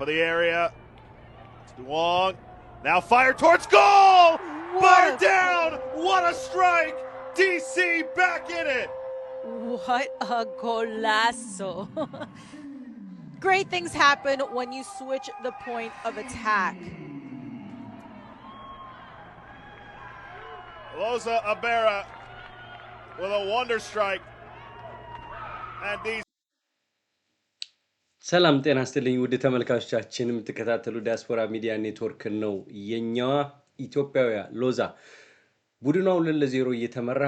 of the area. Duong. Now fire towards goal! Fire down! What a strike! DC back in it! What a golazo. Great things happen when you switch the point of attack. Loza Abera with a wonder strike. And DC. ሰላም ጤና ስትልኝ ውድ ተመልካቾቻችን የምትከታተሉ ዲያስፖራ ሚዲያ ኔትወርክ ነው። የኛዋ ኢትዮጵያውያ ሎዛ ቡድኗ ሁለት ለዜሮ እየተመራ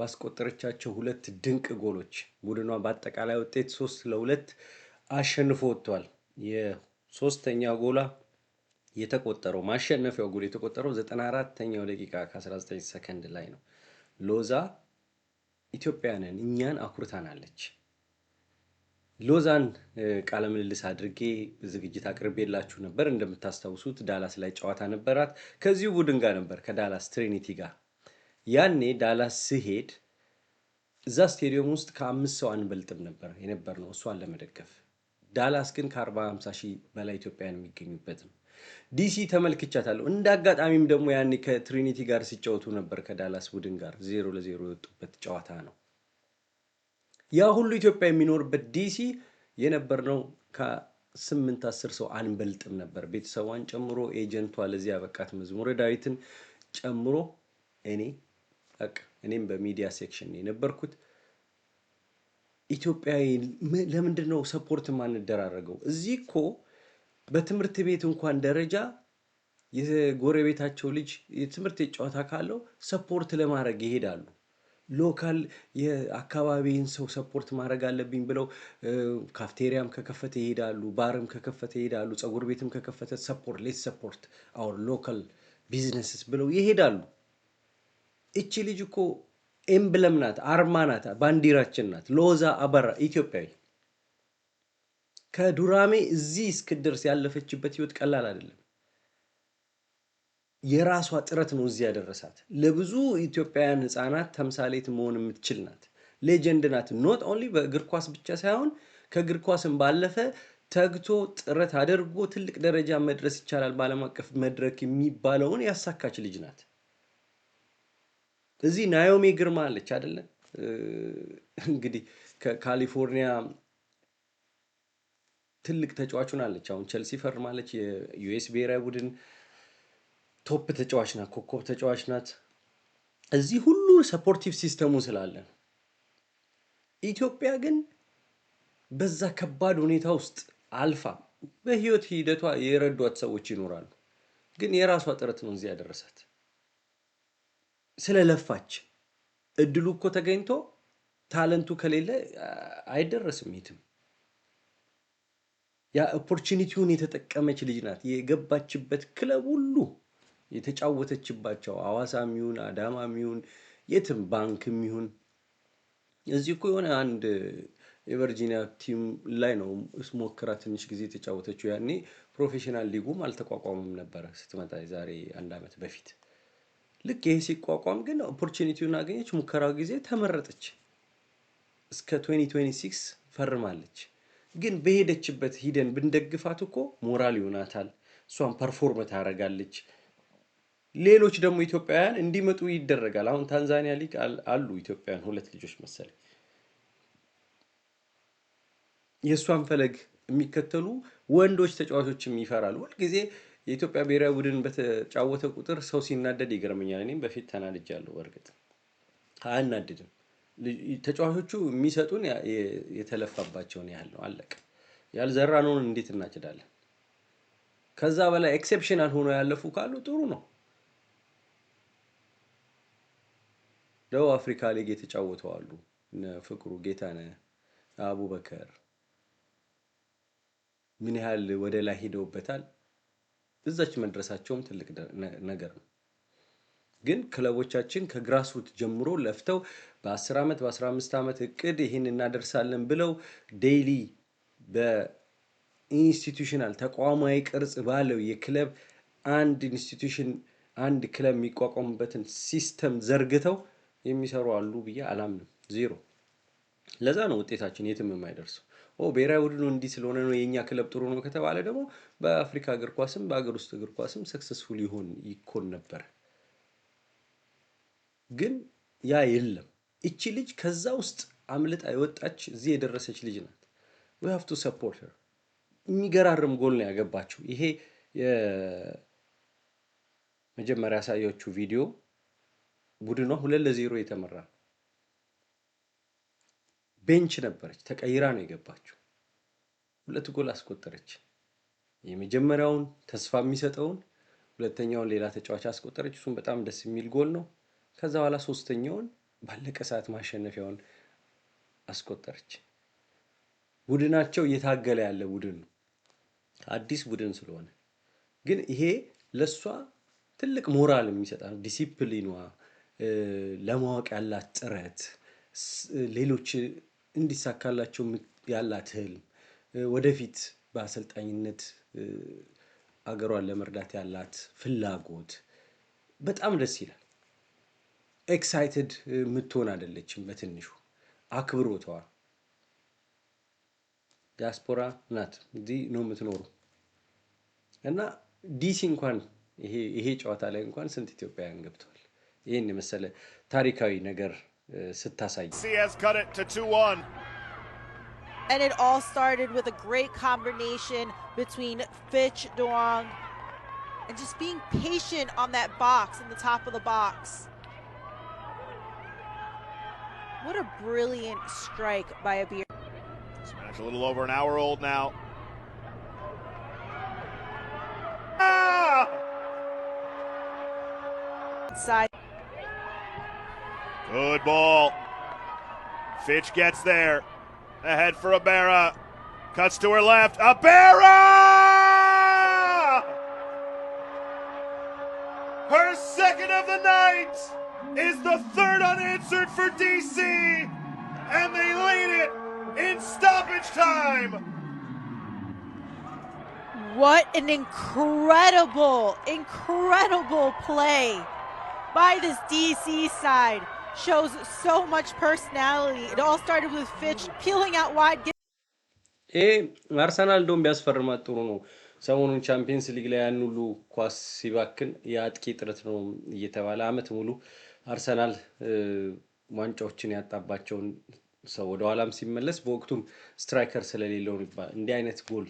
ባስቆጠረቻቸው ሁለት ድንቅ ጎሎች ቡድኗ በአጠቃላይ ውጤት ሶስት ለሁለት አሸንፎ ወጥቷል። የሶስተኛ ጎላ የተቆጠረው ማሸነፊያው ጎል የተቆጠረው ዘጠና አራተኛው ደቂቃ ከ19 ሰከንድ ላይ ነው። ሎዛ ኢትዮጵያንን እኛን አኩርታናለች። ሎዛን ቃለ ምልልስ አድርጌ ዝግጅት አቅርቤላችሁ ነበር። እንደምታስታውሱት ዳላስ ላይ ጨዋታ ነበራት ከዚሁ ቡድን ጋር ነበር ከዳላስ ትሪኒቲ ጋር። ያኔ ዳላስ ስሄድ እዛ ስቴዲየም ውስጥ ከአምስት ሰው አንበልጥም ነበር የነበር ነው እሷን ለመደገፍ። ዳላስ ግን ከአርባ ሃምሳ ሺህ በላይ ኢትዮጵያውያን የሚገኙበት ነው። ዲሲ ተመልክቻታለሁ። እንደ አጋጣሚም ደግሞ ያኔ ከትሪኒቲ ጋር ሲጫወቱ ነበር ከዳላስ ቡድን ጋር ዜሮ ለዜሮ የወጡበት ጨዋታ ነው። ያ ሁሉ ኢትዮጵያ የሚኖርበት ዲሲ የነበርነው ከስምንት አስር ሰው አንበልጥም ነበር። ቤተሰቧን ጨምሮ ኤጀንቷ ለዚህ ያበቃት መዝሙረ ዳዊትን ጨምሮ እኔ እኔም በሚዲያ ሴክሽን የነበርኩት ኢትዮጵያዊ ለምንድን ነው ሰፖርት ማንደራረገው? እዚህ እኮ በትምህርት ቤት እንኳን ደረጃ የጎረቤታቸው ልጅ የትምህርት የጨዋታ ካለው ሰፖርት ለማድረግ ይሄዳሉ። ሎካል የአካባቢን ሰው ሰፖርት ማድረግ አለብኝ ብለው ካፍቴሪያም ከከፈተ ይሄዳሉ፣ ባርም ከከፈተ ይሄዳሉ፣ ጸጉር ቤትም ከከፈተ ሰፖርት ሌት ሰፖርት አወር ሎካል ቢዝነስስ ብለው ይሄዳሉ። እቺ ልጅ እኮ ኤምብለም ናት፣ አርማ ናት፣ ባንዲራችን ናት። ሎዛ አበራ ኢትዮጵያዊ ከዱራሜ እዚህ እስክደርስ ያለፈችበት ህይወት ቀላል አይደለም። የራሷ ጥረት ነው እዚህ ያደረሳት። ለብዙ ኢትዮጵያውያን ህፃናት ተምሳሌት መሆን የምትችል ናት። ሌጀንድ ናት። ኖት ኦንሊ በእግር ኳስ ብቻ ሳይሆን ከእግር ኳስም ባለፈ ተግቶ ጥረት አድርጎ ትልቅ ደረጃ መድረስ ይቻላል በዓለም አቀፍ መድረክ የሚባለውን ያሳካች ልጅ ናት። እዚህ ናዮሚ ግርማ አለች አይደለ? እንግዲህ ከካሊፎርኒያ ትልቅ ተጫዋቹን አለች። አሁን ቸልሲ ፈርማለች። የዩኤስ ብሔራዊ ቡድን ቶፕ ተጫዋች ናት፣ ኮከብ ተጫዋች ናት። እዚህ ሁሉ ሰፖርቲቭ ሲስተሙ ስላለ ኢትዮጵያ ግን በዛ ከባድ ሁኔታ ውስጥ አልፋ በህይወት ሂደቷ የረዷት ሰዎች ይኖራሉ። ግን የራሷ ጥረት ነው እዚህ ያደረሳት። ስለለፋች እድሉ እኮ ተገኝቶ ታለንቱ ከሌለ አይደረስም የትም። ያ ኦፖርቹኒቲውን የተጠቀመች ልጅ ናት። የገባችበት ክለብ ሁሉ የተጫወተችባቸው ሐዋሳም ይሁን አዳማም ይሁን የትም ባንክም ይሁን እዚህ እኮ የሆነ አንድ የቨርጂኒያ ቲም ላይ ነው ሞክራ ትንሽ ጊዜ የተጫወተችው። ያኔ ፕሮፌሽናል ሊጉም አልተቋቋሙም ነበረ ስትመጣ የዛሬ አንድ ዓመት በፊት። ልክ ይሄ ሲቋቋም ግን ኦፖርቹኒቲውን አገኘች። ሙከራው ጊዜ ተመረጠች። እስከ 2026 ፈርማለች። ግን በሄደችበት ሂደን ብንደግፋት እኮ ሞራል ይሆናታል። እሷን ፐርፎርም ታደርጋለች። ሌሎች ደግሞ ኢትዮጵያውያን እንዲመጡ ይደረጋል። አሁን ታንዛኒያ ሊግ አሉ ኢትዮጵያውያን ሁለት ልጆች መሰለኝ የእሷን ፈለግ የሚከተሉ ወንዶች ተጫዋቾችም ይፈራሉ። ሁልጊዜ የኢትዮጵያ ብሔራዊ ቡድን በተጫወተ ቁጥር ሰው ሲናደድ ይገርመኛል። እኔም በፊት ተናድጃለሁ። በእርግጥ አያናድድም። ተጫዋቾቹ የሚሰጡን የተለፋባቸውን ያህል ነው። አለቀ። ያልዘራነውን እንዴት እናጭዳለን? ከዛ በላይ ኤክሴፕሽናል ሆኖ ያለፉ ካሉ ጥሩ ነው። ደቡብ አፍሪካ ሊግ የተጫወቱ አሉ። እነ ፍቅሩ ጌታነህ፣ አቡበከር ምን ያህል ወደ ላይ ሄደውበታል። እዛች መድረሳቸውም ትልቅ ነገር ነው። ግን ክለቦቻችን ከግራስሩት ጀምሮ ለፍተው በ10 ዓመት በ15 ዓመት እቅድ ይህን እናደርሳለን ብለው ዴይሊ በኢንስቲቱሽናል ተቋማዊ ቅርጽ ባለው የክለብ አንድ ኢንስቲቱሽን አንድ ክለብ የሚቋቋምበትን ሲስተም ዘርግተው የሚሰሩ አሉ ብዬ አላምንም። ዜሮ። ለዛ ነው ውጤታችን የትም የማይደርሰው። ኦ ብሔራዊ ቡድኑ እንዲህ ስለሆነ ነው የእኛ ክለብ ጥሩ ነው ከተባለ ደግሞ በአፍሪካ እግር ኳስም በሀገር ውስጥ እግር ኳስም ሰክሰስፉል ይሆን ይኮን ነበር። ግን ያ የለም። እቺ ልጅ ከዛ ውስጥ አምልጣ የወጣች እዚህ የደረሰች ልጅ ናት። ዊ ቱ ሰፖርት ሄር። የሚገራርም ጎል ነው ያገባችው። ይሄ የመጀመሪያ ያሳየችው ቪዲዮ ቡድኗ ሁለት ለዜሮ የተመራ ቤንች ነበረች። ተቀይራ ነው የገባችው። ሁለት ጎል አስቆጠረች። የመጀመሪያውን ተስፋ የሚሰጠውን ሁለተኛውን ሌላ ተጫዋች አስቆጠረች። እሱም በጣም ደስ የሚል ጎል ነው። ከዛ በኋላ ሶስተኛውን ባለቀ ሰዓት ማሸነፊያውን አስቆጠረች። ቡድናቸው እየታገለ ያለ ቡድን ነው፣ አዲስ ቡድን ስለሆነ ግን ይሄ ለእሷ ትልቅ ሞራል የሚሰጣ ነው ዲሲፕሊኗ ለማወቅ ያላት ጥረት፣ ሌሎች እንዲሳካላቸው ያላት ህልም፣ ወደፊት በአሰልጣኝነት አገሯን ለመርዳት ያላት ፍላጎት በጣም ደስ ይላል። ኤክሳይትድ የምትሆን አይደለችም። በትንሹ አክብሮቷ ዲያስፖራ ናት፣ እዚህ ነው የምትኖሩ እና ዲሲ እንኳን ይሄ ጨዋታ ላይ እንኳን ስንት ኢትዮጵያውያን ገብተዋል። ይህን የመሰለ ታሪካዊ ነገር ስታሳይ And it all started with a great combination between Fitch Duong and just being patient on that box in the top of the box. What a brilliant strike by Abir. This match a little over an hour old now. Inside. Ah! Good ball. Fitch gets there. Ahead for Abera. Cuts to her left. Abera! Her second of the night is the third unanswered for DC, and they lead it in stoppage time. What an incredible, incredible play by this DC side. shows so much personality. It all started with Fitch peeling out wide. ይሄ አርሰናል እንደውም ቢያስፈርማት ጥሩ ነው። ሰሞኑን ቻምፒየንስ ሊግ ላይ ያን ሁሉ ኳስ ሲባክን የአጥቂ ጥረት ነው እየተባለ አመት ሙሉ አርሰናል ዋንጫዎችን ያጣባቸውን ሰው ወደ ሲመለስ በወቅቱም ስትራይከር ስለሌለው ይባላል። እንዲህ አይነት ጎል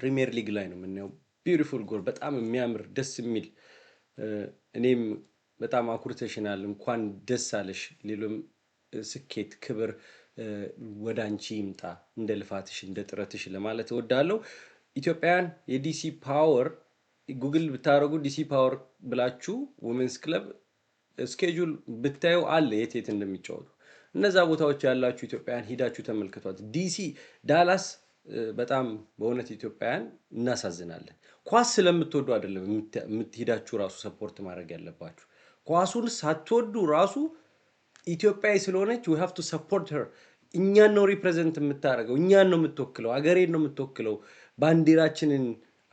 ፕሪሚየር ሊግ ላይ ነው የምናየው። ቢዩቲፉል ጎል፣ በጣም የሚያምር ደስ የሚል እኔም በጣም አኩርተሽናል። እንኳን ደስ አለሽ። ሌሎም ስኬት፣ ክብር ወደ አንቺ ይምጣ እንደ ልፋትሽ እንደ ጥረትሽ ለማለት እወዳለሁ። ኢትዮጵያውያን የዲሲ ፓወር ጉግል ብታደረጉ ዲሲ ፓወር ብላችሁ ወመንስ ክለብ ስኬጁል ብታዩ አለ የት የት እንደሚጫወቱ እነዛ ቦታዎች ያላችሁ ኢትዮጵያውያን ሂዳችሁ ተመልክቷት። ዲሲ ዳላስ በጣም በእውነት ኢትዮጵያውያን እናሳዝናለን። ኳስ ስለምትወዱ አይደለም የምትሄዳችሁ ራሱ ሰፖርት ማድረግ ያለባችሁ ኳሱን ሳትወዱ ራሱ ኢትዮጵያዊ ስለሆነች ዊ ቱ ሰፖርት ሄር። እኛን ነው ሪፕሬዘንት የምታደርገው፣ እኛን ነው የምትወክለው፣ አገሬን ነው የምትወክለው፣ ባንዲራችንን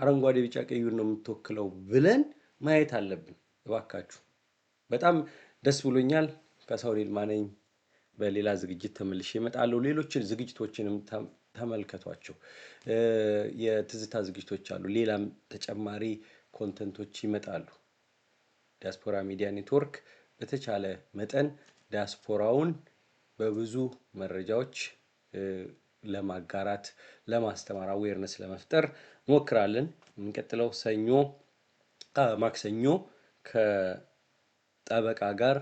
አረንጓዴ፣ ቢጫ፣ ቀዩን ነው የምትወክለው ብለን ማየት አለብን። እባካችሁ በጣም ደስ ብሎኛል። ከሳውል ይልማ ነኝ። በሌላ ዝግጅት ተመልሼ እመጣለሁ። ሌሎችን ዝግጅቶችንም ተመልከቷቸው። የትዝታ ዝግጅቶች አሉ። ሌላም ተጨማሪ ኮንተንቶች ይመጣሉ። ዲያስፖራ ሚዲያ ኔትወርክ በተቻለ መጠን ዲያስፖራውን በብዙ መረጃዎች ለማጋራት፣ ለማስተማር፣ አዌርነስ ለመፍጠር እንሞክራለን። የሚቀጥለው ሰኞ ማክሰኞ ከጠበቃ ጋር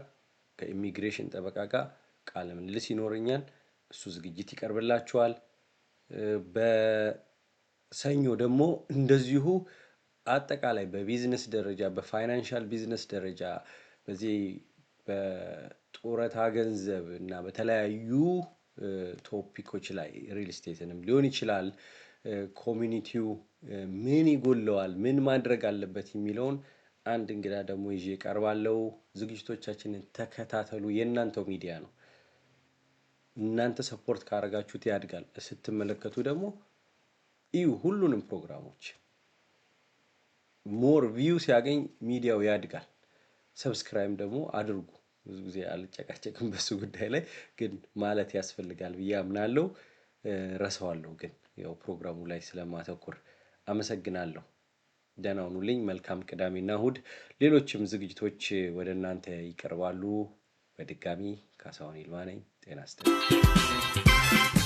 ከኢሚግሬሽን ጠበቃ ጋር ቃለ ምልልስ ይኖረኛል። እሱ ዝግጅት ይቀርብላችኋል። በሰኞ ደግሞ እንደዚሁ አጠቃላይ በቢዝነስ ደረጃ በፋይናንሻል ቢዝነስ ደረጃ በዚህ በጡረታ ገንዘብ እና በተለያዩ ቶፒኮች ላይ ሪል ስቴትንም ሊሆን ይችላል ኮሚኒቲው ምን ይጎለዋል፣ ምን ማድረግ አለበት የሚለውን አንድ እንግዳ ደግሞ ይዤ ቀርባለው። ዝግጅቶቻችንን ተከታተሉ። የእናንተው ሚዲያ ነው። እናንተ ሰፖርት ካረጋችሁት ያድጋል። ስትመለከቱ ደግሞ እዩ ሁሉንም ፕሮግራሞች ሞር ቪው ሲያገኝ ሚዲያው ያድጋል። ሰብስክራይብ ደግሞ አድርጉ። ብዙ ጊዜ አልጨቃጨቅም በሱ ጉዳይ ላይ ግን ማለት ያስፈልጋል ብዬ አምናለሁ። ረሰዋለሁ ግን ያው ፕሮግራሙ ላይ ስለማተኩር አመሰግናለሁ። ደህና ሁኑልኝ። መልካም ቅዳሜና እሁድ። ሌሎችም ዝግጅቶች ወደ እናንተ ይቀርባሉ። በድጋሚ ካሳሁን ይልማ ነኝ። ጤና ይስጥልኝ።